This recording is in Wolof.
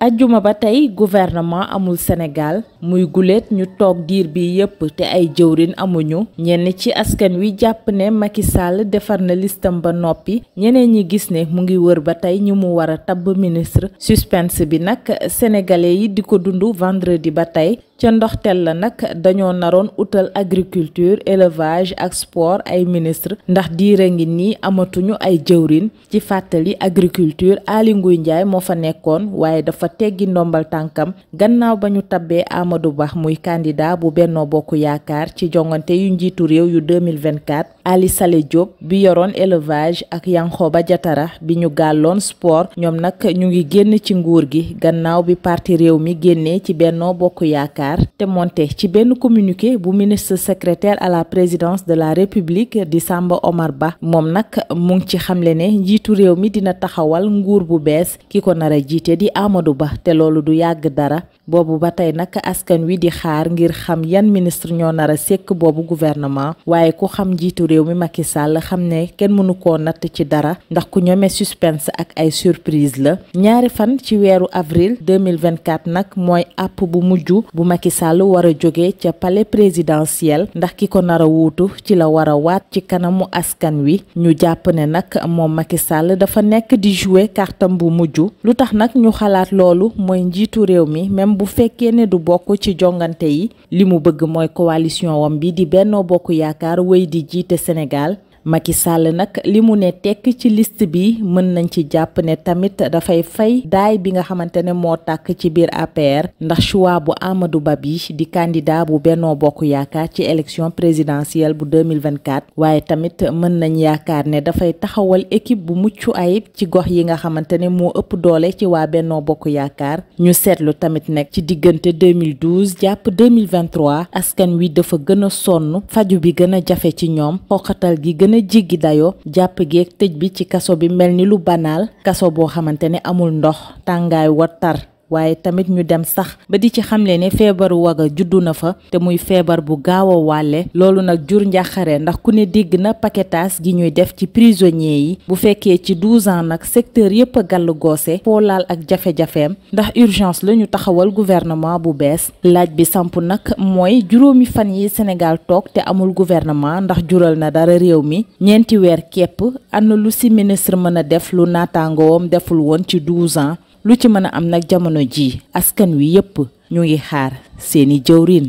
ajjuma ba tey gouvernement amul Sénégal muy guléet ñu toog diir bi yépp te ay jëwrin amuñu ñenn ci askan wi jàpp ne Macky Sall defar na listam ba noppi ñeneen ñi gis ne mu ngi wër ba tey ñu mu war a tabb ministre suspense bi nag sénégalais yi di ko dund vendredi ba tey ca ndoxtel la nag dañoo naroon utal agriculture élevage ak sport ay ministre ndax diire ngi nii amatuñu ay jëwrin ci fàttali agriculture Aly Ngouille Ndiaye moo fa nekkoon waaye dafa teggi ndombal tànkam gannaaw ba ñu tabbee Amadou Ba muy candidat bu bennoo Bokk Yaakaar ci jongante yu njiitu réew yu 2024 Ali Saleh Diop bi yoroon élevage ak ba jatara bi ñu gàlloon sport ñoom nag ñu ngi génn ci nguur gi gannaaw bi parti réew mi génnee ci Benno Bokk Yaakaar te monte ci benn communiqué bu ministre secrétaire à la présidence de la République di Samba Omar Ba moom nag mu ngi ci xamle ne njiitu réew mi dina taxawal nguur bu bees ki ko nar jiite di amadu Ba te loolu du yàgg dara boobu ba tey nag askan wi di xaar ngir xam yan ministre ñoo nar a boobu gouvernement réew mi Macky Sall xam ne kenn mënu koo natt ci dara ndax ku ñoome suspense ak ay surprise la ñaari fan ci weeru avril 2024 nag mooy àpp bu mujj bu Macky Sall war a jóge ca palais présidentiel ndax ki ko nar a wuutu ci la war a waat ci kanamu askan wi ñu jàpp ne nag moom Macky Sall dafa nekk di jouer kartam bu mujj lu tax nag ñu xalaat loolu mooy njiitu réew mi même bu fekkee ne du bokk ci jongante yi li mu bëgg mooy coalition wam bi di Benno Bokk Yaakaar wéy di jiite Sénégal Macky Sall nag li mu ne tekk ci list bi mën nañ ci jàpp ne tamit dafay fay daay bi nga xamante ne moo takk ci biir APR ndax choix bu amadu Ba bi di candidat bu Benno Bokk Yaakaar ci élection présidentielle bu 2024 waaye tamit mën nañ yaakaar ne dafay taxawal équipe bu mucc ayib ci gox yi nga xamante ne moo ëpp doole ci waa Benno Bokk Yaakaar ñu seetlu tamit nag ci diggante 2012 jàpp 2023 askan wi dafa gën a sonn faju bi gën a jafe ci ñoom xoqatal gi gën a jéggi dayoo jàpp geek tëj bi ci kaso bi mel ni lu banaal kaso boo xamante ni amul ndox tàngaay wa waaye tamit ñu dem sax ba di ci xamle ne feebaru waga juddu na fa te muy feebar bu gaaw a wàlle loolu nag jur njàqare ndax ku ne dégg na paquetage gi ñuy def ci prisonniers yi bu fekkee ci 12 ans nag secteur yépp a gàll goose foo laal ak jafe-jafeem ndax urgence lañu taxawal gouvernement bu bees laaj bi samp nag mooy juróomi fan yi Sénégal toog te amul gouvernement ndax jural na dara réew mi ñeenti weer kepp am na lu si ministre mën a def lu naataangoom deful woon ci 12 ans lu ci mën a am nag jamono ji askan wi yépp ñu ngi xaar seeni jëwriin